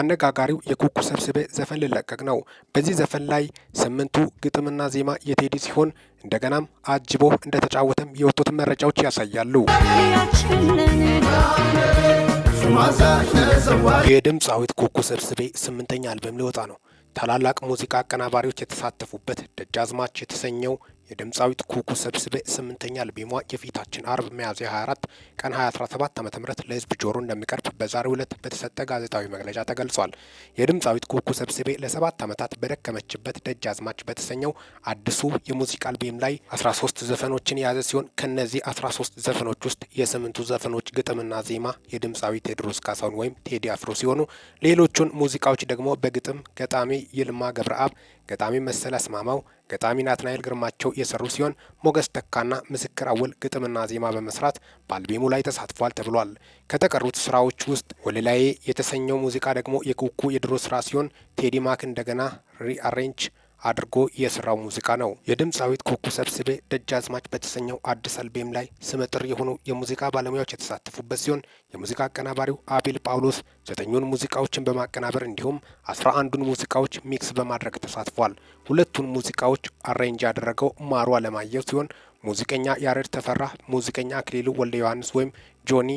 አነጋጋሪው የኩኩ ሰብስቤ ዘፈን ሊለቀቅ ነው። በዚህ ዘፈን ላይ ስምንቱ ግጥምና ዜማ የቴዲ ሲሆን እንደገናም አጅቦ እንደተጫወተም የወጡት መረጃዎች ያሳያሉ። የድምፃዊት ኩኩ ሰብስቤ ስምንተኛ አልበም ሊወጣ ነው። ታላላቅ ሙዚቃ አቀናባሪዎች የተሳተፉበት ደጃዝማች የተሰኘው የድምፃዊት ኩኩ ሰብስቤ ስምንተኛ አልበሟ የፊታችን አርብ ሚያዝያ 24 ቀን 2017 ዓ ም ለህዝብ ጆሮ እንደሚቀርብ በዛሬው ዕለት በተሰጠ ጋዜጣዊ መግለጫ ተገልጿል። የድምፃዊት ኩኩ ሰብስቤ ለሰባት ዓመታት በደከመችበት አዝማች በተሰኘው አዲሱ የሙዚቃ አልበም ላይ 13 ዘፈኖችን የያዘ ሲሆን ከእነዚህ 13 ዘፈኖች ውስጥ የስምንቱ ዘፈኖች ግጥምና ዜማ የድምፃዊ ቴድሮስ ካሳሁን ወይም ቴዲ አፍሮ ሲሆኑ ሌሎቹን ሙዚቃዎች ደግሞ በግጥም ገጣሚ ይልማ ገብረአብ፣ ገጣሚ መሰል አስማማው፣ ገጣሚ ናትናኤል ግርማቸው እየሰሩ ሲሆን ሞገስ ተካና ምስክር አወል ግጥምና ዜማ በመስራት በአልቤሙ ላይ ተሳትፏል ተብሏል። ከተቀሩት ስራዎች ውስጥ ወለላዬ የተሰኘው ሙዚቃ ደግሞ የኩኩ የድሮ ስራ ሲሆን ቴዲ ማክ እንደገና ሪአሬንጅ አድርጎ የስራው ሙዚቃ ነው። የድምፃዊት ኩኩ ሰብስቤ ደጃዝማች በተሰኘው አዲስ አልቤም ላይ ስመጥር የሆኑ የሙዚቃ ባለሙያዎች የተሳተፉበት ሲሆን የሙዚቃ አቀናባሪው አቤል ጳውሎስ ዘጠኙን ሙዚቃዎችን በማቀናበር እንዲሁም አስራ አንዱን ሙዚቃዎች ሚክስ በማድረግ ተሳትፏል። ሁለቱን ሙዚቃዎች አሬንጅ ያደረገው ማሩ አለማየሁ ሲሆን ሙዚቀኛ ያሬድ ተፈራ፣ ሙዚቀኛ አክሊሉ ወልደ ዮሐንስ ወይም ጆኒ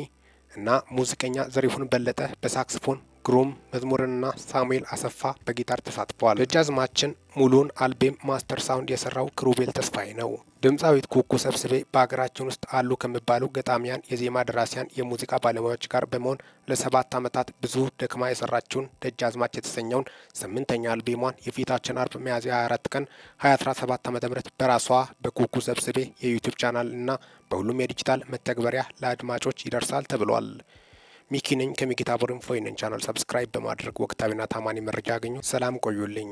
እና ሙዚቀኛ ዘሪሁን በለጠ በሳክስፎን ግሩም መዝሙርንና ሳሙኤል አሰፋ በጊታር ተሳትፈዋል። ደጃዝማችን ሙሉን አልቤም ማስተር ሳውንድ የሰራው ክሩቤል ተስፋዬ ነው። ድምፃዊት ኩኩ ሰብስቤ በሀገራችን ውስጥ አሉ ከሚባሉ ገጣሚያን፣ የዜማ ደራሲያን፣ የሙዚቃ ባለሙያዎች ጋር በመሆን ለሰባት ዓመታት ብዙ ደክማ የሰራችውን ደጃዝማች የተሰኘውን ስምንተኛ አልቤሟን የፊታችን አርብ ሚያዝያ 24 ቀን 2017 ዓ ም በራሷ በኩኩ ሰብስቤ የዩቲዩብ ቻናል እና በሁሉም የዲጂታል መተግበሪያ ለአድማጮች ይደርሳል ተብሏል። ሚኪ ነኝ ከሚኪታ ቻናል ሰብስክራይብ በማድረግ ወቅታዊና ታማኒ መረጃ ያገኙ። ሰላም ቆዩልኝ።